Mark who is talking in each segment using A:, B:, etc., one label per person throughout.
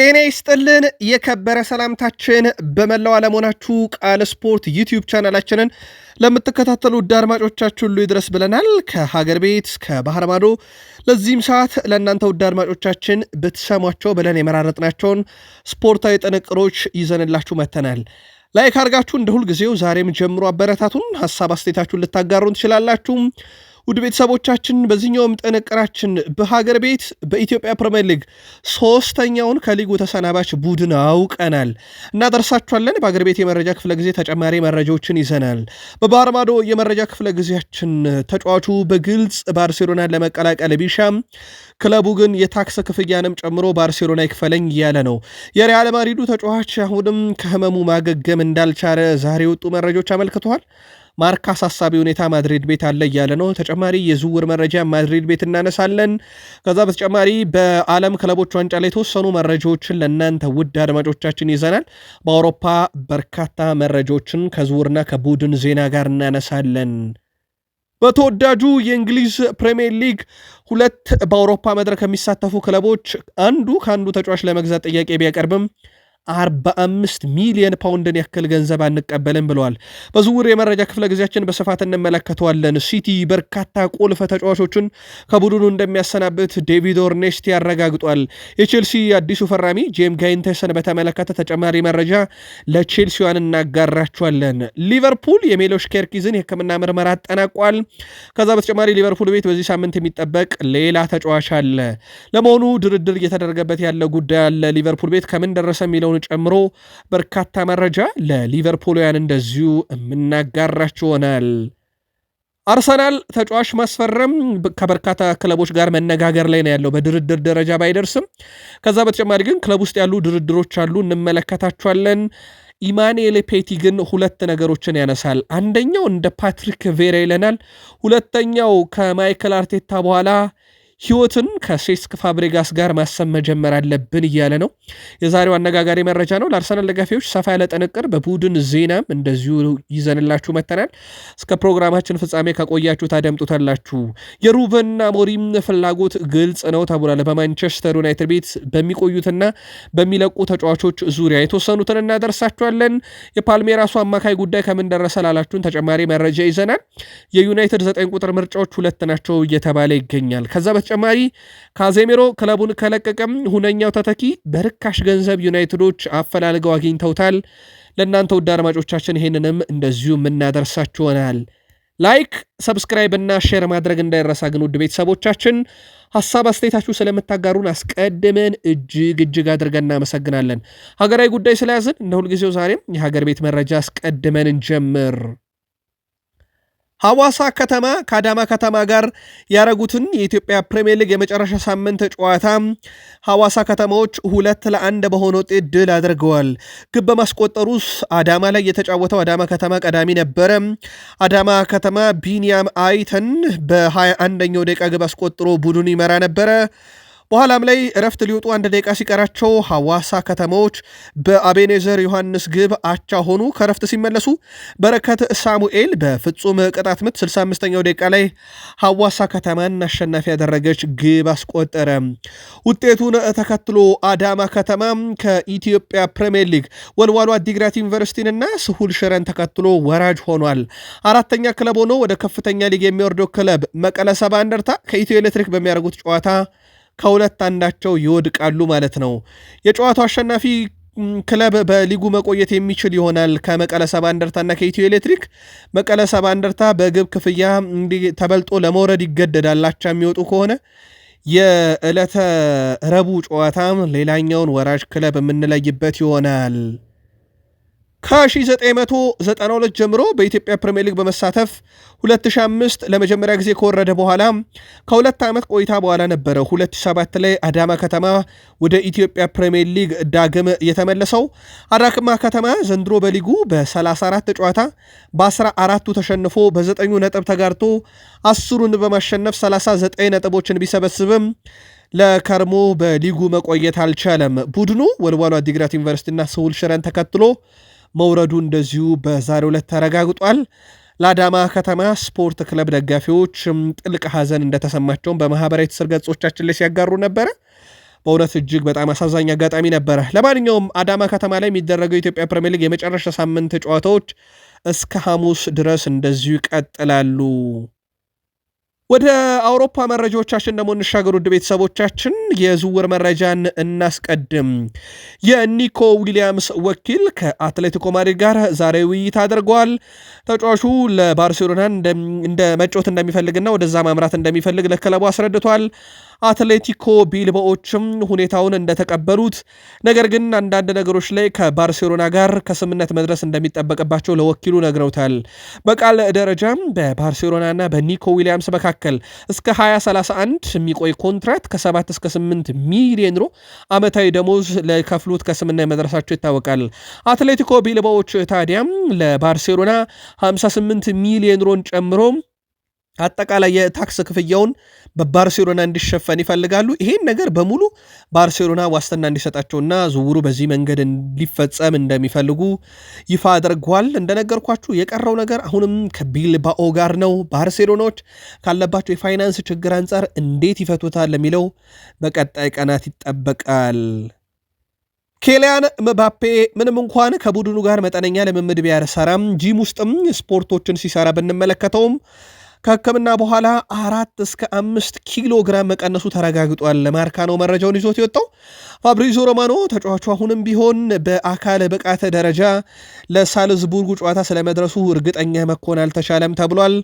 A: ጤና ይስጥልን የከበረ ሰላምታችን በመላው አለመሆናችሁ ቃል ስፖርት ዩቲዩብ ቻናላችንን ለምትከታተሉ ውድ አድማጮቻችን ሁሉ ይድረስ ብለናል። ከሀገር ቤት እስከ ባህር ማዶ ለዚህም ሰዓት ለእናንተ ውድ አድማጮቻችን ብትሰሟቸው ብለን የመራረጥናቸውን ስፖርታዊ ጥንቅሮች ይዘንላችሁ መጥተናል። ላይክ አድርጋችሁ እንደ ሁልጊዜው ዛሬም ጀምሮ አበረታቱን። ሀሳብ አስተያየታችሁን ልታጋሩን ትችላላችሁ። ውድ ቤተሰቦቻችን በዚህኛውም ጥንቅራችን በሀገር ቤት በኢትዮጵያ ፕሪምየር ሊግ ሶስተኛውን ከሊጉ ተሰናባች ቡድን አውቀናል እናደርሳችኋለን። በሀገር ቤት የመረጃ ክፍለ ጊዜ ተጨማሪ መረጃዎችን ይዘናል። በባህር ማዶ የመረጃ ክፍለ ጊዜያችን ተጫዋቹ በግልጽ ባርሴሎናን ለመቀላቀል ቢሻም ክለቡ ግን የታክስ ክፍያንም ጨምሮ ባርሴሎና ይክፈለኝ እያለ ነው። የሪያል ማድሪዱ ተጫዋች አሁንም ከህመሙ ማገገም እንዳልቻለ ዛሬ የወጡ መረጃዎች አመልክተዋል። ማርካ አሳሳቢ ሁኔታ ማድሪድ ቤት አለ እያለ ነው። ተጨማሪ የዝውውር መረጃ ማድሪድ ቤት እናነሳለን። ከዛ በተጨማሪ በዓለም ክለቦች ዋንጫ ላይ የተወሰኑ መረጃዎችን ለእናንተ ውድ አድማጮቻችን ይዘናል። በአውሮፓ በርካታ መረጃዎችን ከዝውውርና ከቡድን ዜና ጋር እናነሳለን። በተወዳጁ የእንግሊዝ ፕሪምየር ሊግ ሁለት በአውሮፓ መድረክ ከሚሳተፉ ክለቦች አንዱ ከአንዱ ተጫዋች ለመግዛት ጥያቄ ቢያቀርብም 45 ሚሊየን ፓውንድን ያክል ገንዘብ አንቀበልም ብለዋል። በዝውውር የመረጃ ክፍለ ጊዜያችን በስፋት እንመለከተዋለን። ሲቲ በርካታ ቁልፍ ተጫዋቾችን ከቡድኑ እንደሚያሰናብት ዴቪድ ኦርኔስቲ ያረጋግጧል። የቼልሲ አዲሱ ፈራሚ ጄም ጋይንተሰን በተመለከተ ተጨማሪ መረጃ ለቼልሲዋን እናጋራቸዋለን። ሊቨርፑል የሜሎሽ ኬርኪዝን የሕክምና ምርመራ አጠናቋል። ከዛ በተጨማሪ ሊቨርፑል ቤት በዚህ ሳምንት የሚጠበቅ ሌላ ተጫዋች አለ። ለመሆኑ ድርድር እየተደረገበት ያለ ጉዳይ አለ ሊቨርፑል ቤት ከምን ደረሰ የሚለው ያለውን ጨምሮ በርካታ መረጃ ለሊቨርፑልያን እንደዚሁ የምናጋራችሁ ይሆናል። አርሰናል ተጫዋች ማስፈረም ከበርካታ ክለቦች ጋር መነጋገር ላይ ነው ያለው፣ በድርድር ደረጃ ባይደርስም። ከዛ በተጨማሪ ግን ክለብ ውስጥ ያሉ ድርድሮች አሉ፣ እንመለከታቸዋለን። ኢማኑኤል ፔቲ ግን ሁለት ነገሮችን ያነሳል። አንደኛው እንደ ፓትሪክ ቬራ ይለናል። ሁለተኛው ከማይክል አርቴታ በኋላ ህይወትን ከሴስክ ፋብሬጋስ ጋር ማሰብ መጀመር አለብን እያለ ነው። የዛሬው አነጋጋሪ መረጃ ነው። ለአርሰናል ደጋፊዎች ሰፋ ያለ ጥንቅር በቡድን ዜናም እንደዚሁ ይዘንላችሁ መተናል። እስከ ፕሮግራማችን ፍጻሜ ከቆያችሁ ታደምጡታላችሁ። የሩበን አሞሪም ፍላጎት ግልጽ ነው ተብሏል። በማንቸስተር ዩናይትድ ቤት በሚቆዩትና በሚለቁ ተጫዋቾች ዙሪያ የተወሰኑትን እናደርሳችኋለን። የፓልሜራሱ አማካይ ጉዳይ ከምን ደረሰ ላላችሁን ተጨማሪ መረጃ ይዘናል። የዩናይትድ ዘጠኝ ቁጥር ምርጫዎች ሁለት ናቸው እየተባለ ይገኛል። ከዛ በተጨማሪ ካዜሜሮ ክለቡን ከለቀቀም ሁነኛው ተተኪ በርካሽ ገንዘብ ዩናይትዶች አፈላልገው አግኝተውታል። ለእናንተ ውድ አድማጮቻችን ይህንንም እንደዚሁ የምናደርሳችሆናል። ላይክ፣ ሰብስክራይብ እና ሼር ማድረግ እንዳይረሳ። ግን ውድ ቤተሰቦቻችን ሀሳብ አስተያየታችሁ ስለምታጋሩን አስቀድመን እጅግ እጅግ አድርገን እናመሰግናለን። ሀገራዊ ጉዳይ ስለያዝን እንደ ሁልጊዜው ዛሬም የሀገር ቤት መረጃ አስቀድመን እንጀምር። ሐዋሳ ከተማ ከአዳማ ከተማ ጋር ያረጉትን የኢትዮጵያ ፕሪምየር ሊግ የመጨረሻ ሳምንት ጨዋታ ሐዋሳ ከተማዎች ሁለት ለአንድ በሆነ ውጤት ድል አድርገዋል። ግብ በማስቆጠሩስ አዳማ ላይ የተጫወተው አዳማ ከተማ ቀዳሚ ነበረ። አዳማ ከተማ ቢኒያም አይተን በ21ኛው ደቂቃ ግብ አስቆጥሮ ቡድኑ ይመራ ነበረ። በኋላም ላይ እረፍት ሊወጡ አንድ ደቂቃ ሲቀራቸው ሐዋሳ ከተማዎች በአቤኔዘር ዮሐንስ ግብ አቻ ሆኑ። ከእረፍት ሲመለሱ በረከት ሳሙኤል በፍጹም ቅጣት ምት 65ኛው ደቂቃ ላይ ሐዋሳ ከተማን አሸናፊ ያደረገች ግብ አስቆጠረ። ውጤቱን ተከትሎ አዳማ ከተማ ከኢትዮጵያ ፕሪምየር ሊግ ወልዋሎ አዲግራት ዩኒቨርሲቲንና ስሁል ሽረን ተከትሎ ወራጅ ሆኗል። አራተኛ ክለብ ሆኖ ወደ ከፍተኛ ሊግ የሚወርደው ክለብ መቀለ ሰባ እንደርታ ከኢትዮ ኤሌክትሪክ በሚያደርጉት ጨዋታ ከሁለት አንዳቸው ይወድቃሉ ማለት ነው። የጨዋታው አሸናፊ ክለብ በሊጉ መቆየት የሚችል ይሆናል ከመቀለ ሰባ እንደርታና ከኢትዮ ኤሌክትሪክ። መቀለ ሰባ እንደርታ በግብ ክፍያ ተበልጦ ለመውረድ ይገደዳል አቻ የሚወጡ ከሆነ። የዕለተ ረቡዕ ጨዋታም ሌላኛውን ወራጅ ክለብ የምንለይበት ይሆናል። ከ1992 ጀምሮ በኢትዮጵያ ፕሪምየር ሊግ በመሳተፍ 2005 ለመጀመሪያ ጊዜ ከወረደ በኋላ ከሁለት ዓመት ቆይታ በኋላ ነበረ 2007 ላይ አዳማ ከተማ ወደ ኢትዮጵያ ፕሪምየር ሊግ ዳግም የተመለሰው። አዳማ ከተማ ዘንድሮ በሊጉ በ34 ጨዋታ በ14ቱ ተሸንፎ በ9 ነጥብ ተጋርቶ አስሩን በማሸነፍ 39 ነጥቦችን ቢሰበስብም ለከርሞ በሊጉ መቆየት አልቻለም። ቡድኑ ወልዋሎ አዲግራት ዩኒቨርሲቲና ስሁል ሽረን ተከትሎ መውረዱ እንደዚሁ በዛሬው ዕለት ተረጋግጧል። ለአዳማ ከተማ ስፖርት ክለብ ደጋፊዎች ጥልቅ ሐዘን እንደተሰማቸውን በማህበራዊ ትስስር ገጾቻችን ላይ ሲያጋሩ ነበረ። በእውነት እጅግ በጣም አሳዛኝ አጋጣሚ ነበረ። ለማንኛውም አዳማ ከተማ ላይ የሚደረገው የኢትዮጵያ ፕሪሚየር ሊግ የመጨረሻ ሳምንት ጨዋታዎች እስከ ሐሙስ ድረስ እንደዚሁ ይቀጥላሉ። ወደ አውሮፓ መረጃዎቻችን ደግሞ እንሻገር። ውድ ቤተሰቦቻችን የዝውውር መረጃን እናስቀድም። የኒኮ ዊሊያምስ ወኪል ከአትሌቲኮ ማድሪድ ጋር ዛሬ ውይይት አድርገዋል። ተጫዋቹ ለባርሴሎና እንደ መጮት እንደሚፈልግና ወደዛ ማምራት እንደሚፈልግ ለክለቡ አስረድቷል። አትሌቲኮ ቢልባዎችም ሁኔታውን እንደተቀበሉት ነገር ግን አንዳንድ ነገሮች ላይ ከባርሴሎና ጋር ከስምነት መድረስ እንደሚጠበቅባቸው ለወኪሉ ነግረውታል። በቃል ደረጃም በባርሴሎናና በኒኮ ዊሊያምስ መካከል እስከ 2031 የሚቆይ ኮንትራት ከ7 እስከ 8 ሚሊዮን ዩሮ ዓመታዊ ደሞዝ ለከፍሉት ከስምነት መድረሳቸው ይታወቃል። አትሌቲኮ ቢልባዎች ታዲያም ለባርሴሎና 58 ሚሊዮን ዩሮን ጨምሮ አጠቃላይ የታክስ ክፍያውን በባርሴሎና እንዲሸፈን ይፈልጋሉ። ይሄን ነገር በሙሉ ባርሴሎና ዋስትና እንዲሰጣቸውና ዝውውሩ በዚህ መንገድ እንዲፈጸም እንደሚፈልጉ ይፋ አድርጓል። እንደነገርኳችሁ የቀረው ነገር አሁንም ከቢልባኦ ጋር ነው። ባርሴሎናዎች ካለባቸው የፋይናንስ ችግር አንጻር እንዴት ይፈቱታል የሚለው በቀጣይ ቀናት ይጠበቃል። ኬሊያን ምባፔ ምንም እንኳን ከቡድኑ ጋር መጠነኛ ልምምድ ቢያሰራም ጂም ውስጥም ስፖርቶችን ሲሰራ ብንመለከተውም ከህክምና በኋላ አራት እስከ አምስት ኪሎ ግራም መቀነሱ ተረጋግጧል። ለማርካ ነው መረጃውን ይዞት የወጣው። ፋብሪዞ ሮማኖ ተጫዋቹ አሁንም ቢሆን በአካል ብቃተ ደረጃ ለሳልዝቡርጉ ጨዋታ ስለመድረሱ እርግጠኛ መኮን አልተቻለም ተብሏል።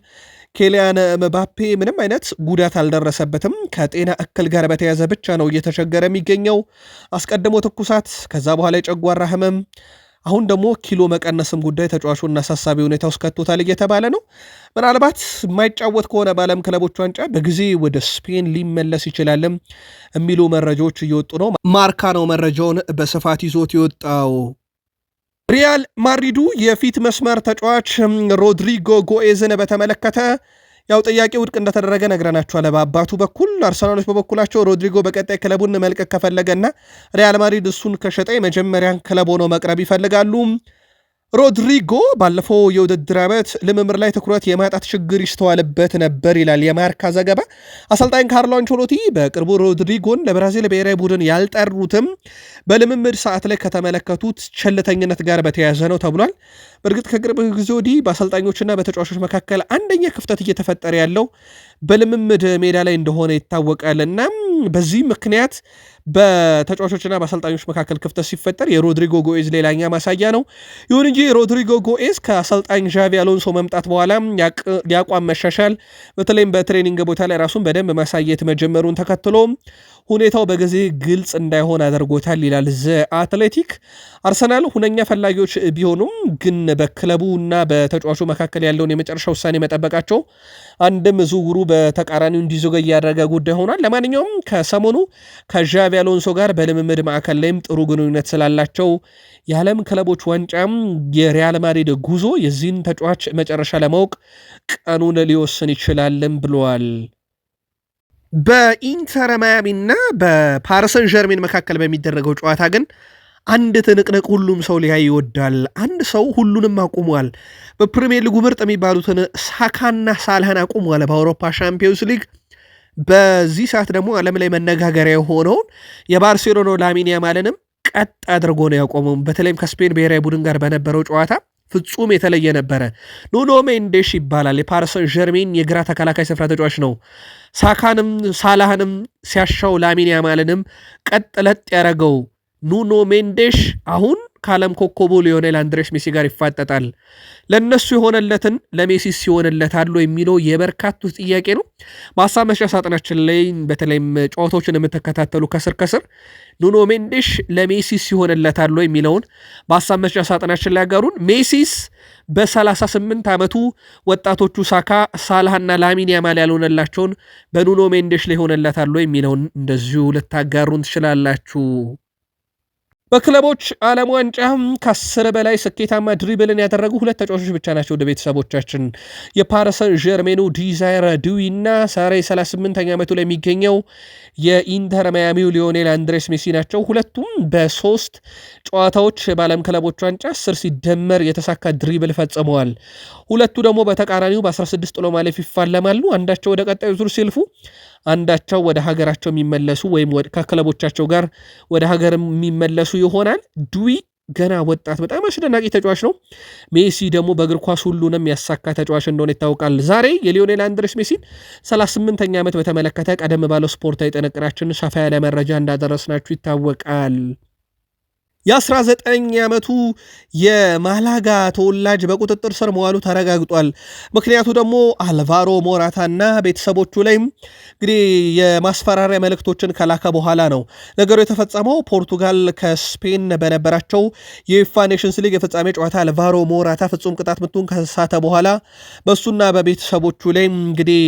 A: ኬሊያን መባፔ ምንም አይነት ጉዳት አልደረሰበትም። ከጤና እክል ጋር በተያዘ ብቻ ነው እየተቸገረ የሚገኘው። አስቀድሞ ትኩሳት፣ ከዛ በኋላ የጨጓራ ህመም አሁን ደግሞ ኪሎ መቀነስም ጉዳይ ተጫዋቹን አሳሳቢ ሁኔታ ውስጥ ከቶታል እየተባለ ነው። ምናልባት የማይጫወት ከሆነ በዓለም ክለቦች ዋንጫ በጊዜ ወደ ስፔን ሊመለስ ይችላልም የሚሉ መረጃዎች እየወጡ ነው። ማርካ ነው መረጃውን በስፋት ይዞት የወጣው። ሪያል ማድሪዱ የፊት መስመር ተጫዋች ሮድሪጎ ጎኤዝን በተመለከተ ያው ጥያቄ ውድቅ እንደተደረገ ነግረናቸዋል። በአባቱ በኩል አርሰናሎች በበኩላቸው ሮድሪጎ በቀጣይ ክለቡን መልቀቅ ከፈለገና ሪያል ማድሪድ እሱን ከሸጠ የመጀመሪያን ክለብ ሆኖ መቅረብ ይፈልጋሉ። ሮድሪጎ ባለፈው የውድድር ዓመት ልምምር ላይ ትኩረት የማጣት ችግር ይስተዋልበት ነበር ይላል የማርካ ዘገባ። አሰልጣኝ ካርሎ አንቾሎቲ በቅርቡ ሮድሪጎን ለብራዚል ብሔራዊ ቡድን ያልጠሩትም በልምምድ ሰዓት ላይ ከተመለከቱት ቸልተኝነት ጋር በተያያዘ ነው ተብሏል። በእርግጥ ከቅርብ ጊዜ ወዲህ በአሰልጣኞችና በተጫዋቾች መካከል አንደኛ ክፍተት እየተፈጠረ ያለው በልምምድ ሜዳ ላይ እንደሆነ ይታወቃል እና በዚህ ምክንያት በተጫዋቾችና በአሰልጣኞች መካከል ክፍተት ሲፈጠር የሮድሪጎ ጎኤዝ ሌላኛ ማሳያ ነው። ይሁን እንጂ የሮድሪጎ ጎኤዝ ከአሰልጣኝ ዣቪ አሎንሶ መምጣት በኋላ ያቋም መሻሻል በተለይም በትሬኒንግ ቦታ ላይ ራሱን በደንብ ማሳየት መጀመሩን ተከትሎ ሁኔታው በጊዜ ግልጽ እንዳይሆን አድርጎታል ይላል ዘ አትሌቲክ። አርሰናል ሁነኛ ፈላጊዎች ቢሆኑም ግን በክለቡ እና በተጫዋቹ መካከል ያለውን የመጨረሻ ውሳኔ መጠበቃቸው አንድም ዝውውሩ በተቃራኒው እንዲዘገይ ያደረገ ጉዳይ ሆኗል። ለማንኛውም ከሰሞኑ ከዣቪ አሎንሶ ጋር በልምምድ ማዕከል ላይም ጥሩ ግንኙነት ስላላቸው የዓለም ክለቦች ዋንጫም የሪያል ማድሪድ ጉዞ የዚህን ተጫዋች መጨረሻ ለማወቅ ቀኑን ሊወስን ይችላልም ብለዋል። በኢንተር ማያሚ በፓሪሰን ጀርሜን መካከል በሚደረገው ጨዋታ ግን አንድ ትንቅንቅ ሁሉም ሰው ሊያይ ይወዳል። አንድ ሰው ሁሉንም አቁሟል። በፕሪሚየር ሊጉ ምርጥ የሚባሉትን ሳካና ሳልህን አቁሟል። በአውሮፓ ሻምፒዮንስ ሊግ በዚህ ሰዓት ደግሞ ዓለም ላይ መነጋገሪያ የሆነውን የባርሴሎና ላሚን ያማልንም ቀጥ አድርጎ ነው ያቆመው። በተለይም ከስፔን ብሔራዊ ቡድን ጋር በነበረው ጨዋታ ፍጹም የተለየ ነበረ። ኑኖ ሜንዴሽ ይባላል። የፓርሰን ጀርሜን የግራ ተከላካይ ስፍራ ተጫዋች ነው። ሳካንም ሳላህንም ሲያሻው ላሚን ያማልንም ቀጥ ለጥ ያደረገው ኑኖ ሜንዴሽ አሁን ከዓለም ኮከቡ ሊዮኔል አንድሬስ ሜሲ ጋር ይፋጠጣል። ለእነሱ የሆነለትን ለሜሲስ ሲሆንለት አለ የሚለው የበርካቱ ጥያቄ ነው። ማሳመሻ ሳጥናችን ላይ በተለይም ጨዋታዎችን የምትከታተሉ ከስር ከስር ኑኖ ሜንዴሽ ለሜሲስ ሲሆንለት አለ የሚለውን ማሳመሻ ሳጥናችን ላይ ያጋሩን። ሜሲስ በ38 ዓመቱ ወጣቶቹ ሳካ፣ ሳላህና ላሚን ያማል ያልሆነላቸውን በኑኖ ሜንዴሽ ላይ አለ የሚለውን እንደዚሁ ልታጋሩን ትችላላችሁ። በክለቦች ዓለም ዋንጫ ከአስር በላይ ስኬታማ ድሪብልን ያደረጉ ሁለት ተጫዋቾች ብቻ ናቸው። ወደ ቤተሰቦቻችን የፓሪሰን ጀርሜኑ ዲዛይር ዱዊ እና ሳሬ 38ኛ ዓመቱ ላይ የሚገኘው የኢንተር ማያሚው ሊዮኔል አንድሬስ ሜሲ ናቸው። ሁለቱም በሶስት ጨዋታዎች በዓለም ክለቦች ዋንጫ አስር ሲደመር የተሳካ ድሪብል ፈጽመዋል። ሁለቱ ደግሞ በተቃራኒው በ16 ጥሎ ማለፍ ይፋለማሉ። አንዳቸው ወደ ቀጣዩ ዙር ሲልፉ አንዳቸው ወደ ሀገራቸው የሚመለሱ ወይም ከክለቦቻቸው ጋር ወደ ሀገር የሚመለሱ ይሆናል። ዱዊ ገና ወጣት በጣም አስደናቂ ተጫዋች ነው። ሜሲ ደግሞ በእግር ኳስ ሁሉንም ያሳካ ተጫዋች እንደሆነ ይታወቃል። ዛሬ የሊዮኔል አንድሬስ ሜሲን 38ኛ ዓመት በተመለከተ ቀደም ባለው ስፖርታዊ ጥንቅራችን ሰፋ ያለ መረጃ እንዳደረስናችሁ ይታወቃል። የ19 ዓመቱ የማላጋ ተወላጅ በቁጥጥር ስር መዋሉ ተረጋግጧል። ምክንያቱ ደግሞ አልቫሮ ሞራታና ቤተሰቦቹ ላይም እንግዲህ የማስፈራሪያ መልእክቶችን ከላከ በኋላ ነው። ነገሩ የተፈጸመው ፖርቱጋል ከስፔን በነበራቸው የዩፋ ኔሽንስ ሊግ የፍጻሜ ጨዋታ አልቫሮ ሞራታ ፍጹም ቅጣት ምቱን ከሳተ በኋላ በእሱና በቤተሰቦቹ ላይም እንግዲህ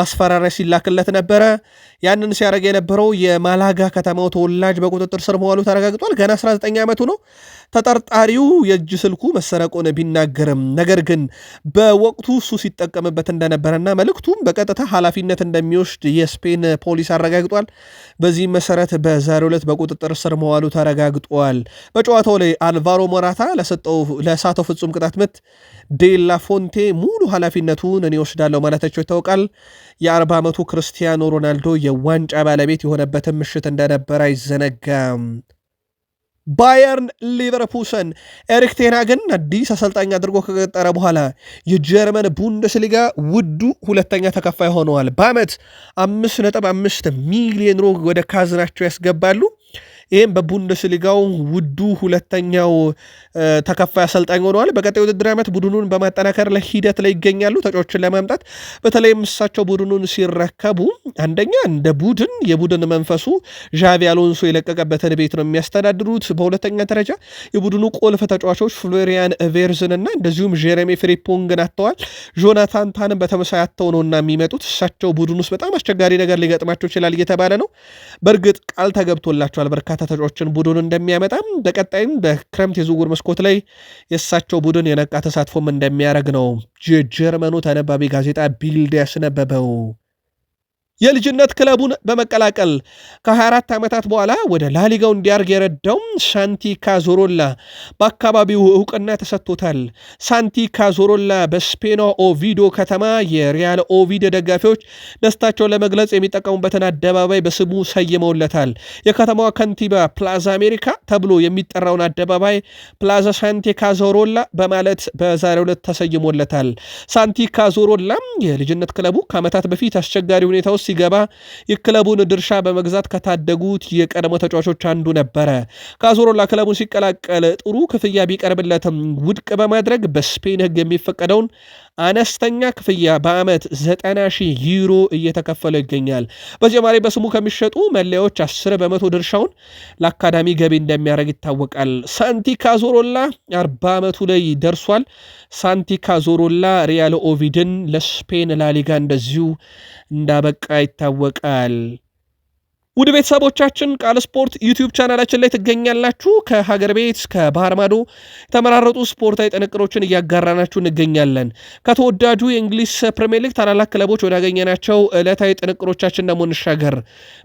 A: ማስፈራሪያ ሲላክለት ነበረ። ያንን ሲያደርግ የነበረው የማላጋ ከተማው ተወላጅ በቁጥጥር ስር መዋሉ ተረጋግጧል። ገና 19 ዓመቱ ነው። ተጠርጣሪው የእጅ ስልኩ መሰረቁን ቢናገርም ነገር ግን በወቅቱ እሱ ሲጠቀምበት እንደነበረና መልእክቱም በቀጥታ ኃላፊነት እንደሚወስድ የስፔን ፖሊስ አረጋግጧል። በዚህም መሰረት በዛሬው ዕለት በቁጥጥር ስር መዋሉ ተረጋግጧል። በጨዋታው ላይ አልቫሮ ሞራታ ለሳተው ፍጹም ቅጣት ምት ዴላ ፎንቴ ሙሉ ኃላፊነቱን እኔ ወስዳለሁ ማለታቸው ይታወቃል። የ40 ዓመቱ ክርስቲያኖ ሮናልዶ የዋንጫ ባለቤት የሆነበትን ምሽት እንደነበረ አይዘነጋም። ባየርን ሊቨርፑስን ኤሪክ ቴንሃግን አዲስ አሰልጣኝ አድርጎ ከቀጠረ በኋላ የጀርመን ቡንደስሊጋ ውዱ ሁለተኛ ተከፋይ ሆነዋል። በዓመት 5.5 ሚሊዮን ሮግ ወደ ካዝናቸው ያስገባሉ። ይህም በቡንደስሊጋው ውዱ ሁለተኛው ተከፋይ አሰልጣኝ ሆነዋል። በቀጣይ ውድድር ዓመት ቡድኑን በማጠናከር ሂደት ላይ ይገኛሉ። ተጫዎችን ለማምጣት በተለይም እሳቸው ቡድኑን ሲረከቡ አንደኛ እንደ ቡድን የቡድን መንፈሱ ዣቪ አሎንሶ የለቀቀበትን ቤት ነው የሚያስተዳድሩት። በሁለተኛ ደረጃ የቡድኑ ቁልፍ ተጫዋቾች ፍሎሪያን ቬርዝንና እንደዚሁም ጀሬሚ ፍሪፖንግን አጥተዋል። ጆናታን ታንም በተመሳይ አጥተው ነውና የሚመጡት እሳቸው ቡድን ውስጥ በጣም አስቸጋሪ ነገር ሊገጥማቸው ይችላል እየተባለ ነው። በእርግጥ ቃል ተገብቶላቸዋል በርካታ በርካታ ተጫዋቾችን ቡድኑ እንደሚያመጣም በቀጣይም በክረምት የዝውውር መስኮት ላይ የእሳቸው ቡድን የነቃ ተሳትፎም እንደሚያደርግ ነው የጀርመኑ ተነባቢ ጋዜጣ ቢልድ ያስነበበው። የልጅነት ክለቡን በመቀላቀል ከ24 ዓመታት በኋላ ወደ ላሊጋው እንዲያርግ የረዳውም ሳንቲ ካዞሮላ በአካባቢው እውቅና ተሰጥቶታል። ሳንቲ ካዞሮላ በስፔኗ ኦቪዶ ከተማ የሪያል ኦቪድ ደጋፊዎች ደስታቸውን ለመግለጽ የሚጠቀሙበትን አደባባይ በስሙ ሰይመውለታል። የከተማዋ ከንቲባ ፕላዛ አሜሪካ ተብሎ የሚጠራውን አደባባይ ፕላዛ ሳንቲ ካዞሮላ በማለት በዛሬው ዕለት ተሰይሞለታል። ሳንቲ ካዞሮላም የልጅነት ክለቡ ከዓመታት በፊት አስቸጋሪ ሁኔታ ውስጥ ሲገባ የክለቡን ድርሻ በመግዛት ከታደጉት የቀድሞ ተጫዋቾች አንዱ ነበረ። ካዞሮላ ክለቡን ሲቀላቀል ጥሩ ክፍያ ቢቀርብለትም ውድቅ በማድረግ በስፔን ሕግ የሚፈቀደውን አነስተኛ ክፍያ በዓመት 90 ሺህ ዩሮ እየተከፈለ ይገኛል። በጀማሪ በስሙ ከሚሸጡ መለያዎች 10 በመቶ ድርሻውን ለአካዳሚ ገቢ እንደሚያደርግ ይታወቃል። ሳንቲ ካዞሮላ 40 ዓመቱ ላይ ደርሷል። ሳንቲ ካዞሮላ ሪያል ኦቪድን ለስፔን ላሊጋ እንደዚሁ እንዳበቃ ይታወቃል። ውድ ቤተሰቦቻችን ቃል ስፖርት ዩቲዩብ ቻናላችን ላይ ትገኛላችሁ። ከሀገር ቤት ከባህር ማዶ የተመራረጡ ስፖርታዊ ጥንቅሮችን እያጋራናችሁ እንገኛለን። ከተወዳጁ የእንግሊዝ ፕሪምየር ሊግ ታላላቅ ክለቦች ወዳገኘናቸው ዕለታዊ ጥንቅሮቻችን ደግሞ እንሻገር።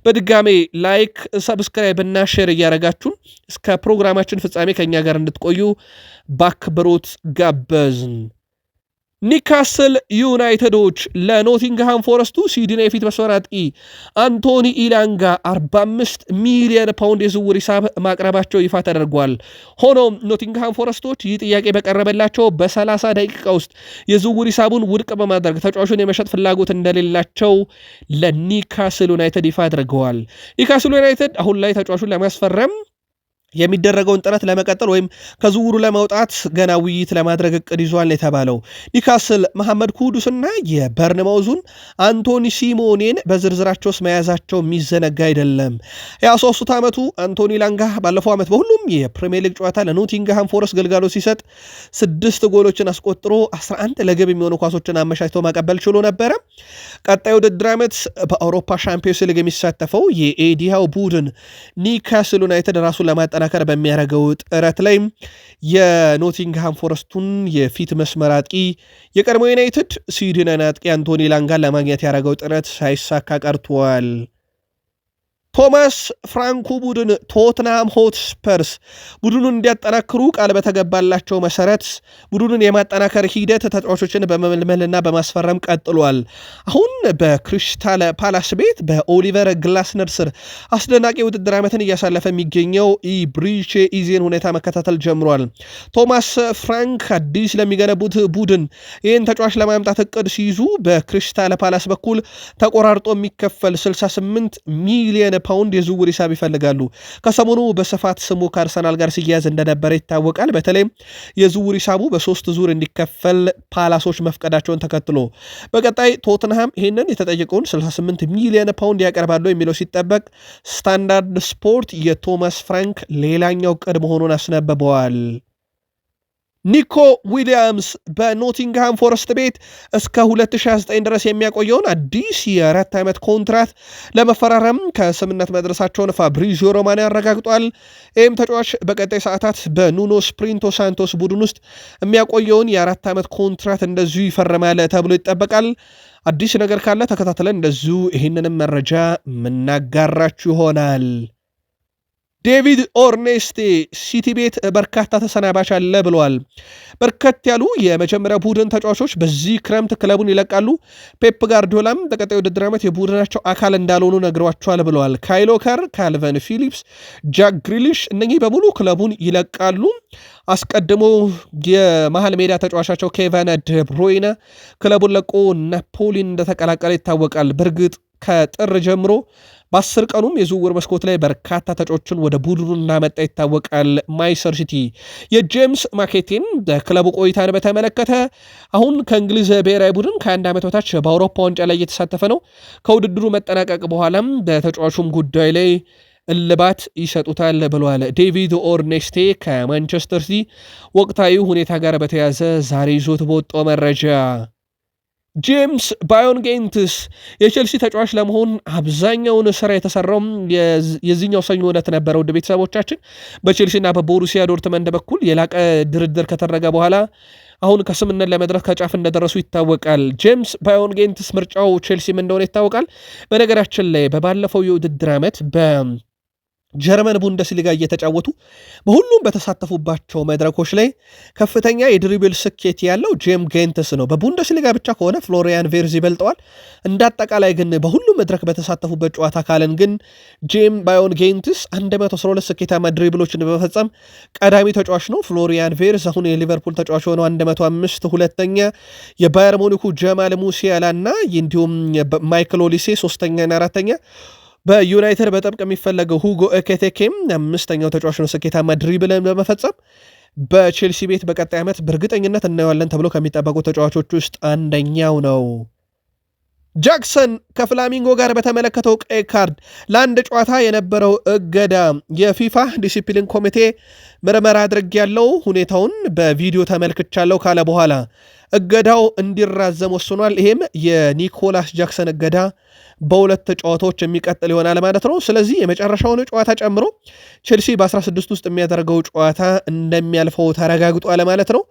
A: በድጋሜ ላይክ፣ ሰብስክራይብ እና ሼር እያረጋችሁን እስከ ፕሮግራማችን ፍጻሜ ከእኛ ጋር እንድትቆዩ በአክብሮት ጋበዝን። ኒካስል ዩናይትዶች ለኖቲንግሃም ፎረስቱ ስዊድን የፊት መስመር አጥቂ አንቶኒ ኢላንጋ 45 ሚሊዮን ፓውንድ የዝውውር ሂሳብ ማቅረባቸው ይፋ ተደርጓል። ሆኖም ኖቲንግሃም ፎረስቶች ይህ ጥያቄ በቀረበላቸው በ30 ደቂቃ ውስጥ የዝውውር ሂሳቡን ውድቅ በማድረግ ተጫዋቹን የመሸጥ ፍላጎት እንደሌላቸው ለኒካስል ዩናይትድ ይፋ አድርገዋል። ኒካስል ዩናይትድ አሁን ላይ ተጫዋቹን ለማስፈረም የሚደረገውን ጥረት ለመቀጠል ወይም ከዝውውሩ ለመውጣት ገና ውይይት ለማድረግ እቅድ ይዟል የተባለው ኒካስል መሐመድ ኩዱስና የበርንማውዙን አንቶኒ ሲሞኔን በዝርዝራቸው ውስጥ መያዛቸው የሚዘነጋ አይደለም። ዓመቱ አንቶኒ ላንጋ ባለፈው ዓመት በሁሉም የፕሪሚየር ሊግ ጨዋታ ለኖቲንግሃም ፎረስት ግልጋሎት ሲሰጥ ስድስት ጎሎችን አስቆጥሮ 11 ለግብ የሚሆኑ ኳሶችን አመቻችቶ ማቀበል ችሎ ነበረ። ቀጣይ ውድድር ዓመት በአውሮፓ ሻምፒዮንስ ሊግ የሚሳተፈው የኤዲያው ቡድን ኒካስል ዩናይትድ ራሱን ለማጠ ለማጠናከር በሚያደርገው ጥረት ላይ የኖቲንግሃም ፎረስቱን የፊት መስመር አጥቂ የቀድሞ ዩናይትድ ስዊድንን አጥቂ አንቶኒ ላንጋን ለማግኘት ያደረገው ጥረት ሳይሳካ ቀርቷል። ቶማስ ፍራንኩ ቡድን ቶትናም ሆትስፐርስ ቡድኑን እንዲያጠናክሩ ቃል በተገባላቸው መሰረት ቡድኑን የማጠናከር ሂደት ተጫዋቾችን በመመልመልና በማስፈረም ቀጥሏል። አሁን በክሪስታል ፓላስ ቤት በኦሊቨር ግላስነር ስር አስደናቂ ውድድር ዓመትን እያሳለፈ የሚገኘው ኢብሪቼ ኢዜን ሁኔታ መከታተል ጀምሯል። ቶማስ ፍራንክ አዲስ ለሚገነቡት ቡድን ይህን ተጫዋች ለማምጣት እቅድ ሲይዙ በክሪስታል ፓላስ በኩል ተቆራርጦ የሚከፈል 68 ሚሊዮን ፓውንድ የዝውውር ሂሳብ ይፈልጋሉ። ከሰሞኑ በስፋት ስሙ ከአርሰናል ጋር ሲያያዝ እንደነበረ ይታወቃል። በተለይም የዝውውር ሂሳቡ በሶስት ዙር እንዲከፈል ፓላሶች መፍቀዳቸውን ተከትሎ በቀጣይ ቶትንሃም ይህንን የተጠየቀውን 68 ሚሊዮን ፓውንድ ያቀርባሉ የሚለው ሲጠበቅ ስታንዳርድ ስፖርት የቶማስ ፍራንክ ሌላኛው ቅድ መሆኑን አስነብበዋል። ኒኮ ዊሊያምስ በኖቲንግሃም ፎረስት ቤት እስከ 2029 ድረስ የሚያቆየውን አዲስ የአራት ዓመት ኮንትራት ለመፈራረም ከስምነት መድረሳቸውን ፋብሪዚዮ ሮማኖ ያረጋግጧል። ይህም ተጫዋች በቀጣይ ሰዓታት በኑኖ ስፕሪንቶ ሳንቶስ ቡድን ውስጥ የሚያቆየውን የአራት ዓመት ኮንትራት እንደዚሁ ይፈርማል ተብሎ ይጠበቃል። አዲስ ነገር ካለ ተከታትለን እንደዚሁ ይህንንም መረጃ የምናጋራችሁ ይሆናል። ዴቪድ ኦርኔስቴ ሲቲ ቤት በርካታ ተሰናባች አለ ብለዋል። በርከት ያሉ የመጀመሪያ ቡድን ተጫዋቾች በዚህ ክረምት ክለቡን ይለቃሉ። ፔፕ ጋርዲዮላም በቀጣይ ውድድር ዓመት የቡድናቸው አካል እንዳልሆኑ ነግሯቸዋል ብለዋል። ካይሎከር፣ ካልቨን ፊሊፕስ፣ ጃክ ግሪሊሽ እነኚህ በሙሉ ክለቡን ይለቃሉ። አስቀድሞ የመሀል ሜዳ ተጫዋቻቸው ኬቫን ደብሮይነ ክለቡን ለቆ ናፖሊን እንደተቀላቀለ ይታወቃል። በእርግጥ ከጥር ጀምሮ በአስር ቀኑም የዝውውር መስኮት ላይ በርካታ ተጫዎችን ወደ ቡድኑ እንዳመጣ ይታወቃል። ማይሰር ሲቲ የጄምስ ማኬቴን በክለቡ ቆይታን በተመለከተ አሁን ከእንግሊዝ ብሔራዊ ቡድን ከአንድ ዓመት በታች በአውሮፓ ዋንጫ ላይ እየተሳተፈ ነው። ከውድድሩ መጠናቀቅ በኋላም በተጫዋቹም ጉዳይ ላይ እልባት ይሰጡታል ብለዋል። ዴቪድ ኦርኔስቴ ከማንቸስተር ሲቲ ወቅታዊ ሁኔታ ጋር በተያዘ ዛሬ ይዞት በወጣው መረጃ ጄምስ ባዮንጌንትስ የቼልሲ ተጫዋች ለመሆን አብዛኛውን ስራ የተሰራውም የዚኛው ሰኞ ዕለት ነበረ። ውድ ቤተሰቦቻችን በቼልሲና በቦሩሲያ ዶርትመንድ በኩል የላቀ ድርድር ከተደረገ በኋላ አሁን ከስምነት ለመድረስ ከጫፍ እንደደረሱ ይታወቃል። ጄምስ ባዮንጌንትስ ምርጫው ቼልሲም እንደሆነ ይታወቃል። በነገራችን ላይ በባለፈው የውድድር ዓመት በ ጀርመን ቡንደስሊጋ እየተጫወቱ በሁሉም በተሳተፉባቸው መድረኮች ላይ ከፍተኛ የድሪብል ስኬት ያለው ጄም ጌንትስ ነው። በቡንደስሊጋ ብቻ ከሆነ ፍሎሪያን ቬርዝ ይበልጠዋል። እንዳጠቃላይ ግን በሁሉም መድረክ በተሳተፉበት ጨዋታ ካለን ግን ጄም ባዮን ጌንትስ 112 ስኬታማ ድሪብሎችን በመፈጸም ቀዳሚ ተጫዋች ነው። ፍሎሪያን ቬርዝ አሁን የሊቨርፑል ተጫዋች ሆነው 105፣ ሁለተኛ የባየር ሞኒኩ ጀማል ሙሲያላ እና እንዲሁም ማይክል ኦሊሴ ሶስተኛና አራተኛ በዩናይትድ በጣም ከሚፈለገው ሁጎ ኤኬቴኬም አምስተኛው ተጫዋች ነው ስኬታማ ድሪብልን በመፈጸም በቼልሲ ቤት በቀጣይ ዓመት በእርግጠኝነት እናየዋለን ተብሎ ከሚጠበቁ ተጫዋቾች ውስጥ አንደኛው ነው። ጃክሰን ከፍላሚንጎ ጋር በተመለከተው ቀይ ካርድ ለአንድ ጨዋታ የነበረው እገዳ የፊፋ ዲሲፕሊን ኮሚቴ ምርመራ አድርግ ያለው ሁኔታውን በቪዲዮ ተመልክቻለሁ ካለ በኋላ እገዳው እንዲራዘም ወስኗል። ይሄም የኒኮላስ ጃክሰን እገዳ በሁለት ጨዋታዎች የሚቀጥል ይሆናል ማለት ነው። ስለዚህ የመጨረሻውን ጨዋታ ጨምሮ ቼልሲ በ16 ውስጥ የሚያደርገው ጨዋታ እንደሚያልፈው ተረጋግጧል ማለት ነው።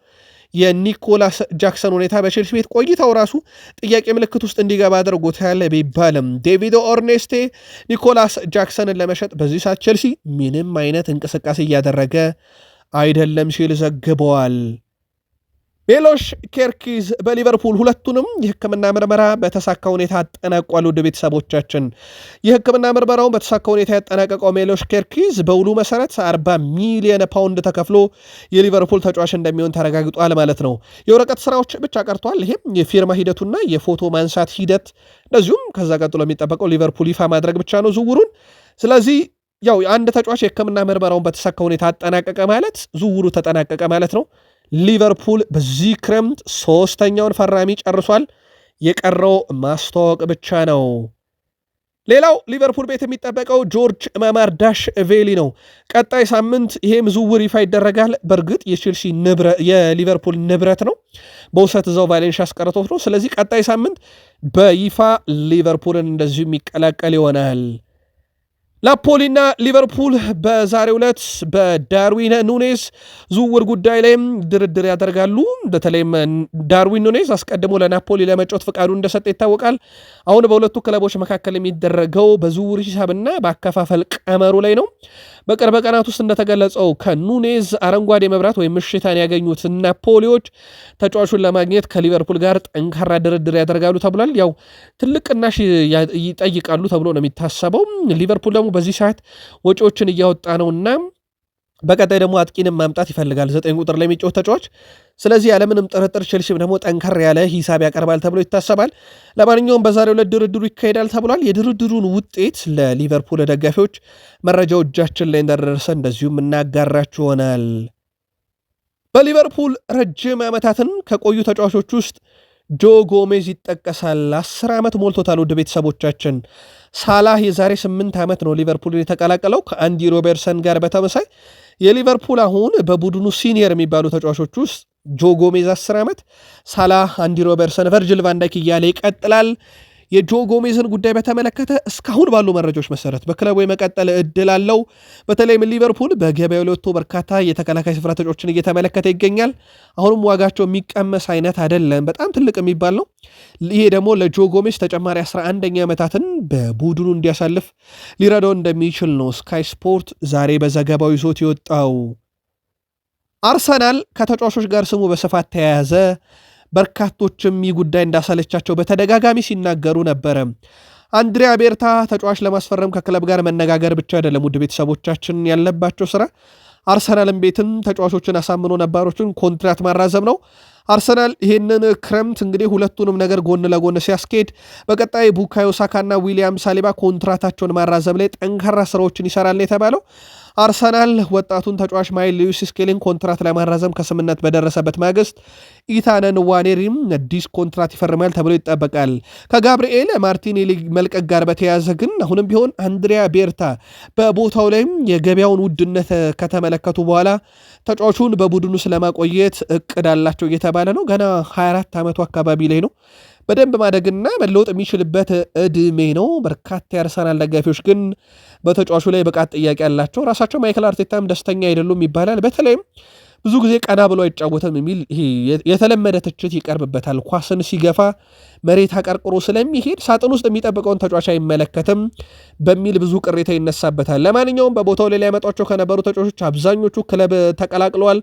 A: የኒኮላስ ጃክሰን ሁኔታ በቼልሲ ቤት ቆይታው ራሱ ጥያቄ ምልክት ውስጥ እንዲገባ አድርጎታል ቢባልም ዴቪድ ኦርኔስቴ ኒኮላስ ጃክሰንን ለመሸጥ በዚህ ሰዓት ቼልሲ ምንም አይነት እንቅስቃሴ እያደረገ አይደለም ሲል ዘግበዋል። ሜሎሽ ኬርኪዝ በሊቨርፑል ሁለቱንም የሕክምና ምርመራ በተሳካ ሁኔታ አጠናቋል። ውድ ቤተሰቦቻችን የሕክምና ምርመራውን በተሳካ ሁኔታ ያጠናቀቀው ሜሎሽ ኬርኪዝ በውሉ መሰረት 40 ሚሊየን ፓውንድ ተከፍሎ የሊቨርፑል ተጫዋች እንደሚሆን ተረጋግጧል ማለት ነው። የወረቀት ስራዎች ብቻ ቀርቷል። ይህም የፊርማ ሂደቱና የፎቶ ማንሳት ሂደት እንደዚሁም ከዛ ቀጥሎ የሚጠበቀው ሊቨርፑል ይፋ ማድረግ ብቻ ነው ዝውውሩን። ስለዚህ ያው አንድ ተጫዋች የሕክምና ምርመራውን በተሳካ ሁኔታ አጠናቀቀ ማለት ዝውውሩ ተጠናቀቀ ማለት ነው። ሊቨርፑል በዚህ ክረምት ሶስተኛውን ፈራሚ ጨርሷል። የቀረው ማስተዋወቅ ብቻ ነው። ሌላው ሊቨርፑል ቤት የሚጠበቀው ጆርጅ ማማርዳሽ ቬሊ ነው። ቀጣይ ሳምንት ይሄም ዝውውር ይፋ ይደረጋል። በእርግጥ የቼልሲ የሊቨርፑል ንብረት ነው፣ በውሰት እዛው ቫሌንሽ አስቀርቶት ነው። ስለዚህ ቀጣይ ሳምንት በይፋ ሊቨርፑልን እንደዚሁ የሚቀላቀል ይሆናል። ናፖሊና ሊቨርፑል በዛሬ ዕለት በዳርዊን ኑኔዝ ዝውውር ጉዳይ ላይም ድርድር ያደርጋሉ። በተለይም ዳርዊን ኑኔዝ አስቀድሞ ለናፖሊ ለመጫወት ፈቃዱ እንደሰጠ ይታወቃል። አሁን በሁለቱ ክለቦች መካከል የሚደረገው በዝውውር ሂሳብና በአከፋፈል ቀመሩ ላይ ነው። በቅርብ ቀናት ውስጥ እንደተገለጸው ከኑኔዝ አረንጓዴ መብራት ወይም ምሽታን ያገኙት ናፖሊዎች ተጫዋቹን ለማግኘት ከሊቨርፑል ጋር ጠንካራ ድርድር ያደርጋሉ ተብሏል። ያው ትልቅ ቅናሽ ይጠይቃሉ ተብሎ ነው የሚታሰበው። ሊቨርፑል ደግሞ በዚህ ሰዓት ወጪዎችን እያወጣ ነውና በቀጣይ ደግሞ አጥቂንም ማምጣት ይፈልጋል ዘጠኝ ቁጥር ላይ የሚጫወት ተጫዋች። ስለዚህ ያለምንም ጥርጥር ቼልሲም ደግሞ ጠንከር ያለ ሂሳብ ያቀርባል ተብሎ ይታሰባል። ለማንኛውም በዛሬው ዕለት ድርድሩ ይካሄዳል ተብሏል። የድርድሩን ውጤት ለሊቨርፑል ደጋፊዎች መረጃው እጃችን ላይ እንደደረሰ እንደዚሁም እናጋራችሁ ይሆናል። በሊቨርፑል ረጅም ዓመታትን ከቆዩ ተጫዋቾች ውስጥ ጆ ጎሜዝ ይጠቀሳል። አስር ዓመት ሞልቶታል። ውድ ቤተሰቦቻችን ሳላህ የዛሬ ስምንት ዓመት ነው ሊቨርፑልን የተቀላቀለው ከአንዲ ሮበርሰን ጋር በተመሳይ የሊቨርፑል አሁን በቡድኑ ሲኒየር የሚባሉ ተጫዋቾች ውስጥ ጆ ጎሜዝ 10 ዓመት፣ ሳላህ፣ አንዲ ሮበርሰን፣ ቨርጅል ቫንዳይክ እያለ ይቀጥላል። የጆ ጎሜዝን ጉዳይ በተመለከተ እስካሁን ባሉ መረጃዎች መሰረት በክለቡ የመቀጠል እድል አለው። በተለይም ሊቨርፑል በገበያው ለወጥቶ በርካታ የተከላካይ ስፍራ ተጫዎችን እየተመለከተ ይገኛል። አሁንም ዋጋቸው የሚቀመስ አይነት አይደለም፣ በጣም ትልቅ የሚባል ነው። ይሄ ደግሞ ለጆ ጎሜዝ ተጨማሪ 11ኛ ዓመታትን በቡድኑ እንዲያሳልፍ ሊረዳው እንደሚችል ነው ስካይ ስፖርት ዛሬ በዘገባው ይዞት የወጣው። አርሰናል ከተጫዋቾች ጋር ስሙ በስፋት ተያያዘ። በርካቶችም ይህ ጉዳይ እንዳሰለቻቸው በተደጋጋሚ ሲናገሩ ነበረ። አንድሪያ ቤርታ ተጫዋች ለማስፈረም ከክለብ ጋር መነጋገር ብቻ አይደለም፣ ውድ ቤተሰቦቻችን፣ ያለባቸው ስራ አርሰናልም ቤትም ተጫዋቾችን አሳምኖ ነባሮችን ኮንትራት ማራዘም ነው። አርሰናል ይህንን ክረምት እንግዲህ ሁለቱንም ነገር ጎን ለጎን ሲያስኬድ በቀጣይ ቡካዮ ሳካና ዊሊያም ሳሊባ ኮንትራታቸውን ማራዘም ላይ ጠንካራ ስራዎችን ይሰራል ነው የተባለው። አርሰናል ወጣቱን ተጫዋች ማይል ሊዩስ ስኬሊን ኮንትራት ለማራዘም ከስምነት በደረሰበት ማግስት ኢታነን ዋኔሪም አዲስ ኮንትራት ይፈርማል ተብሎ ይጠበቃል። ከጋብርኤል ማርቲኔሊ መልቀቅ ጋር በተያያዘ ግን አሁንም ቢሆን አንድሪያ ቤርታ በቦታው ላይም የገበያውን ውድነት ከተመለከቱ በኋላ ተጫዋቹን በቡድኑ ስለማቆየት እቅድ አላቸው እየተባለ ነው። ገና 24 ዓመቱ አካባቢ ላይ ነው። በደንብ ማደግና መለወጥ የሚችልበት እድሜ ነው። በርካታ የአርሰናል ደጋፊዎች ግን በተጫዋቹ ላይ ብቃት ጥያቄ ያላቸው፣ ራሳቸው ማይክል አርቴታም ደስተኛ አይደሉም ይባላል። በተለይም ብዙ ጊዜ ቀና ብሎ አይጫወትም የሚል የተለመደ ትችት ይቀርብበታል። ኳስን ሲገፋ መሬት አቀርቅሮ ስለሚሄድ ሳጥን ውስጥ የሚጠብቀውን ተጫዋች አይመለከትም በሚል ብዙ ቅሬታ ይነሳበታል። ለማንኛውም በቦታው ላይ ሊያመጧቸው ከነበሩ ተጫዋቾች አብዛኞቹ ክለብ ተቀላቅለዋል።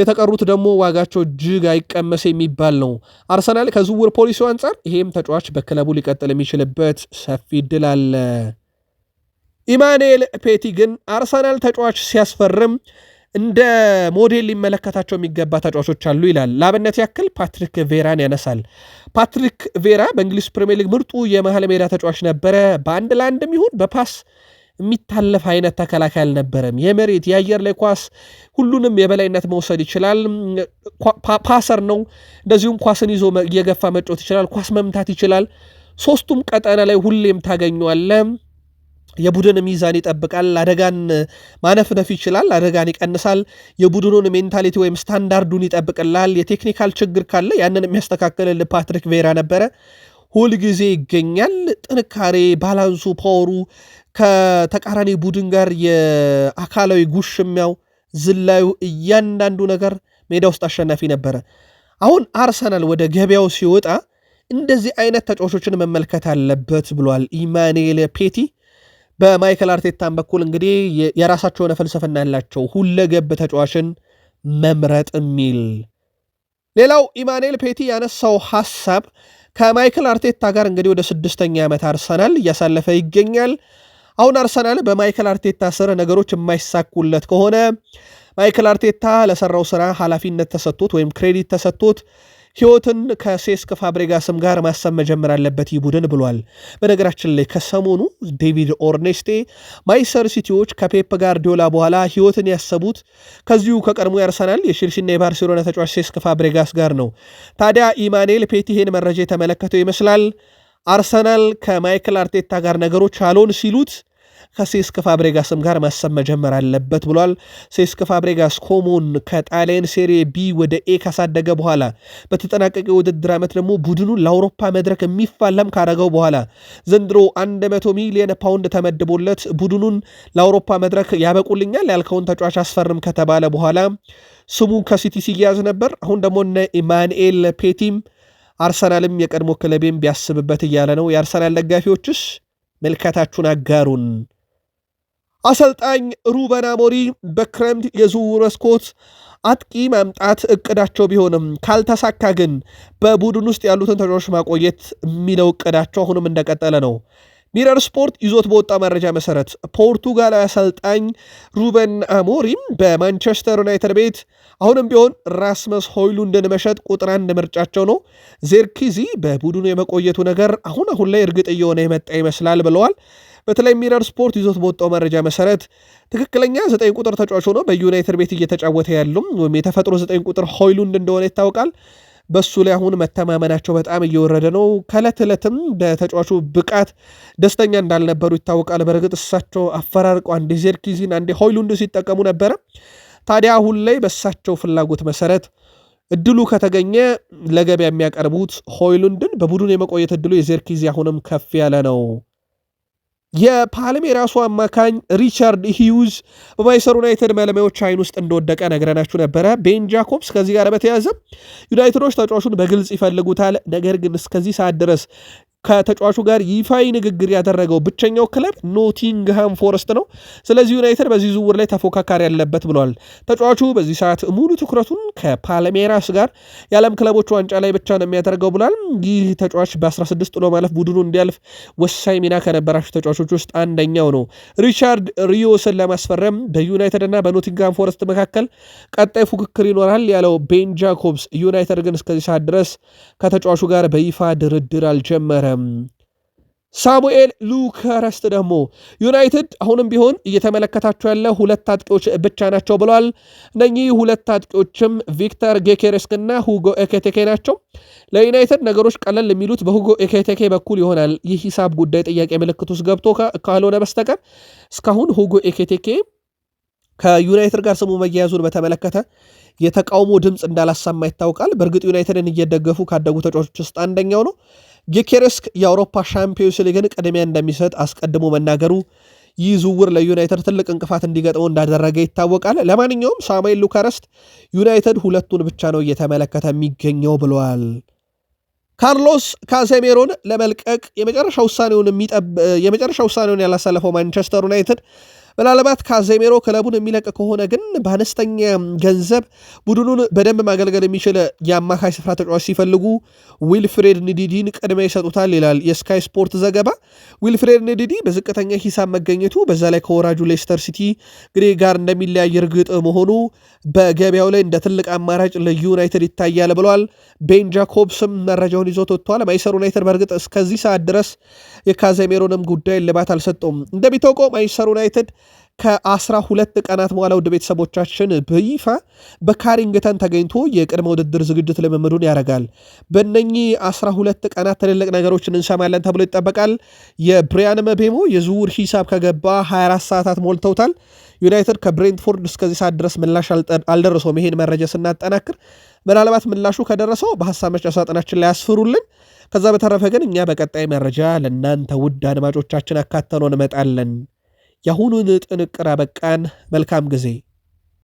A: የተቀሩት ደግሞ ዋጋቸው እጅግ አይቀመስ የሚባል ነው። አርሰናል ከዝውውር ፖሊሲው አንጻር ይሄም ተጫዋች በክለቡ ሊቀጥል የሚችልበት ሰፊ እድል አለ። ኢማኑኤል ፔቲ ግን አርሰናል ተጫዋች ሲያስፈርም እንደ ሞዴል ሊመለከታቸው የሚገባ ተጫዋቾች አሉ ይላል። ለአብነት ያክል ፓትሪክ ቬራን ያነሳል። ፓትሪክ ቬራ በእንግሊዝ ፕሪምየር ሊግ ምርጡ የመሀል ሜዳ ተጫዋች ነበረ። በአንድ ለአንድም ይሁን በፓስ የሚታለፍ አይነት ተከላካይ አልነበረም። የመሬት የአየር ላይ ኳስ ሁሉንም የበላይነት መውሰድ ይችላል። ፓሰር ነው። እንደዚሁም ኳስን ይዞ እየገፋ መጫወት ይችላል። ኳስ መምታት ይችላል። ሶስቱም ቀጠና ላይ ሁሌም ታገኘዋለ። የቡድን ሚዛን ይጠብቃል። አደጋን ማነፍነፍ ይችላል። አደጋን ይቀንሳል። የቡድኑን ሜንታሊቲ ወይም ስታንዳርዱን ይጠብቅላል። የቴክኒካል ችግር ካለ ያንን የሚያስተካክልል ፓትሪክ ቬራ ነበረ። ሁል ጊዜ ይገኛል። ጥንካሬ፣ ባላንሱ፣ ፓወሩ ከተቃራኒ ቡድን ጋር የአካላዊ ጉሽሚያው፣ ዝላዩ፣ እያንዳንዱ ነገር ሜዳ ውስጥ አሸናፊ ነበረ። አሁን አርሰናል ወደ ገበያው ሲወጣ እንደዚህ አይነት ተጫዋቾችን መመልከት አለበት ብሏል ኢማኑኤል ፔቲ። በማይከል አርቴታን በኩል እንግዲህ የራሳቸው የሆነ ፍልስፍና ያላቸው ሁለገብ ተጫዋችን መምረጥ የሚል ሌላው ኢማኑኤል ፔቲ ያነሳው ሐሳብ ከማይክል አርቴታ ጋር እንግዲህ ወደ ስድስተኛ ዓመት አርሰናል እያሳለፈ ይገኛል። አሁን አርሰናል በማይክል አርቴታ ስር ነገሮች የማይሳኩለት ከሆነ ማይክል አርቴታ ለሰራው ስራ ኃላፊነት ተሰጥቶት ወይም ክሬዲት ተሰጥቶት ህይወትን ከሴስክ ፋብሬጋስም ጋር ማሰብ መጀመር አለበት ይህ ቡድን ብሏል። በነገራችን ላይ ከሰሞኑ ዴቪድ ኦርኔስቴ ማይሰር ሲቲዎች ከፔፕ ጋርዲዮላ በኋላ ህይወትን ያሰቡት ከዚሁ ከቀድሞ ያርሰናል የቼልሲና የባርሴሎና ተጫዋች ሴስክ ፋብሬጋስ ጋር ነው። ታዲያ ኢማኑኤል ፔቲሄን መረጃ የተመለከተው ይመስላል አርሰናል ከማይክል አርቴታ ጋር ነገሮች አሎን ሲሉት ከሴስክ ፋብሬጋስም ጋር ማሰብ መጀመር አለበት ብሏል። ሴስክ ፋብሬጋስ ኮሞን ከጣሊያን ሴሬ ቢ ወደ ኤ ካሳደገ በኋላ በተጠናቀቀ የውድድር ዓመት ደግሞ ቡድኑን ለአውሮፓ መድረክ የሚፋለም ካደረገው በኋላ ዘንድሮ 100 ሚሊዮን ፓውንድ ተመድቦለት ቡድኑን ለአውሮፓ መድረክ ያበቁልኛል ያልከውን ተጫዋች አስፈርም ከተባለ በኋላ ስሙ ከሲቲ ሲያዝ ነበር። አሁን ደግሞ እነ ኢማንኤል ፔቲም አርሰናልም የቀድሞ ክለቤም ቢያስብበት እያለ ነው። የአርሰናል ደጋፊዎችስ ምልከታችሁን አጋሩን። አሰልጣኝ ሩበን አሞሪ በክረምት የዝውውር መስኮት አጥቂ ማምጣት እቅዳቸው ቢሆንም ካልተሳካ ግን በቡድን ውስጥ ያሉትን ተጫዋች ማቆየት የሚለው እቅዳቸው አሁንም እንደቀጠለ ነው። ሚረር ስፖርት ይዞት በወጣ መረጃ መሰረት ፖርቱጋላዊ አሰልጣኝ ሩበን አሞሪም በማንቸስተር ዩናይትድ ቤት አሁንም ቢሆን ራስመስ ሆይሉንድን መሸጥ ቁጥር አንድ ምርጫቸው ነው። ዜርኪዚ በቡድኑ የመቆየቱ ነገር አሁን አሁን ላይ እርግጥ እየሆነ የመጣ ይመስላል ብለዋል። በተለይ ሚረር ስፖርት ይዞት በወጣው መረጃ መሰረት ትክክለኛ ዘጠኝ ቁጥር ተጫዋች ሆኖ በዩናይትድ ቤት እየተጫወተ ያለም ወይም የተፈጥሮ ዘጠኝ ቁጥር ሆይሉንድ እንደሆነ ይታወቃል። በሱ ላይ አሁን መተማመናቸው በጣም እየወረደ ነው። ከዕለት ዕለትም በተጫዋቹ ብቃት ደስተኛ እንዳልነበሩ ይታወቃል። በእርግጥ እሳቸው አፈራርቀው አንዴ ዜርኪዚን አንዴ ሆይሉንድ ሲጠቀሙ ነበረ። ታዲያ አሁን ላይ በእሳቸው ፍላጎት መሰረት እድሉ ከተገኘ ለገበያ የሚያቀርቡት ሆይሉንድን በቡድን የመቆየት እድሉ የዜርኪዚ አሁንም ከፍ ያለ ነው። የፓልሜራሱ አማካኝ ሪቻርድ ሂውዝ በማይሰር ዩናይትድ መለማዮች አይን ውስጥ እንደወደቀ ነግረናችሁ ነበረ። ቤን ጃኮብስ ከዚህ ጋር በተያያዘ ዩናይትዶች ተጫዋቹን በግልጽ ይፈልጉታል፣ ነገር ግን እስከዚህ ሰዓት ድረስ ከተጫዋቹ ጋር ይፋዊ ንግግር ያደረገው ብቸኛው ክለብ ኖቲንግሃም ፎረስት ነው። ስለዚህ ዩናይትድ በዚህ ዝውውር ላይ ተፎካካሪ ያለበት ብለዋል። ተጫዋቹ በዚህ ሰዓት ሙሉ ትኩረቱን ከፓልሜራስ ጋር የዓለም ክለቦች ዋንጫ ላይ ብቻ ነው የሚያደርገው ብሏል። ይህ ተጫዋች በ16 ጥሎ ማለፍ ቡድኑ እንዲያልፍ ወሳኝ ሚና ከነበራቸው ተጫዋቾች ውስጥ አንደኛው ነው። ሪቻርድ ሪዮስን ለማስፈረም በዩናይትድ እና በኖቲንግሃም ፎረስት መካከል ቀጣይ ፉክክር ይኖራል ያለው ቤን ጃኮብስ ዩናይትድ ግን እስከዚህ ሰዓት ድረስ ከተጫዋቹ ጋር በይፋ ድርድር አልጀመረ ሳሙኤል ሉከረስት ደግሞ ዩናይትድ አሁንም ቢሆን እየተመለከታቸው ያለ ሁለት አጥቂዎች ብቻ ናቸው ብለዋል። እነኚህ ሁለት አጥቂዎችም ቪክተር ጌኬሬስክና ሁጎ ኤኬቴኬ ናቸው። ለዩናይትድ ነገሮች ቀለል የሚሉት በሁጎ ኤኬቴኬ በኩል ይሆናል። ይህ ሂሳብ ጉዳይ ጥያቄ ምልክት ውስጥ ገብቶ ካልሆነ በስተቀር እስካሁን ሁጎ ኤኬቴኬ ከዩናይትድ ጋር ስሙ መያያዙን በተመለከተ የተቃውሞ ድምፅ እንዳላሰማ ይታወቃል። በእርግጥ ዩናይትድን እየደገፉ ካደጉ ተጫዋቾች ውስጥ አንደኛው ነው። ጌኬሬስክ የአውሮፓ ሻምፒዮንስ ሊግን ቅድሚያ እንደሚሰጥ አስቀድሞ መናገሩ ይህ ዝውውር ለዩናይትድ ትልቅ እንቅፋት እንዲገጥመው እንዳደረገ ይታወቃል። ለማንኛውም ሳሙኤል ሉካረስት ዩናይትድ ሁለቱን ብቻ ነው እየተመለከተ የሚገኘው ብለዋል። ካርሎስ ካሴሜሮን ለመልቀቅ የመጨረሻ ውሳኔውን ያላሳለፈው ማንቸስተር ዩናይትድ ምናልባት ካዜሜሮ ክለቡን የሚለቅ ከሆነ ግን በአነስተኛ ገንዘብ ቡድኑን በደንብ ማገልገል የሚችል የአማካይ ስፍራ ተጫዋች ሲፈልጉ ዊልፍሬድ ኒዲዲን ቅድሚያ ይሰጡታል ይላል የስካይ ስፖርት ዘገባ። ዊልፍሬድ ኒዲዲ በዝቅተኛ ሂሳብ መገኘቱ በዛ ላይ ከወራጁ ሌስተር ሲቲ እንግዲህ ጋር እንደሚለያይ እርግጥ መሆኑ በገበያው ላይ እንደ ትልቅ አማራጭ ለዩናይትድ ይታያል ብለዋል። ቤን ጃኮብስም መረጃውን ይዞት ወጥተዋል። ማይሰር ዩናይትድ በእርግጥ እስከዚህ ሰዓት ድረስ የካዜሜሮንም ጉዳይ ልባት አልሰጠውም። እንደሚታወቀው ማይሰር ዩናይትድ ከአስራ ሁለት ቀናት በኋላ ውድ ቤተሰቦቻችን በይፋ በካሪንግተን ተገኝቶ የቅድመ ውድድር ዝግጅት ልምምዱን ያደርጋል። በነኚህ አስራ ሁለት ቀናት ትልልቅ ነገሮችን እንሰማለን ተብሎ ይጠበቃል። የብሪያን መቤሞ የዝውውር ሂሳብ ከገባ 24 ሰዓታት ሞልተውታል። ዩናይትድ ከብሬንትፎርድ እስከዚህ ሰዓት ድረስ ምላሽ አልደረሰውም። ይሄን መረጃ ስናጠናክር ምናልባት ምላሹ ከደረሰው በሀሳብ መስጫ ሳጥናችን ላይ ያስፍሩልን። ከዛ በተረፈ ግን እኛ በቀጣይ መረጃ ለእናንተ ውድ አድማጮቻችን አካተኖ እንመጣለን። የአሁኑን ጥንቅር አበቃን። መልካም ጊዜ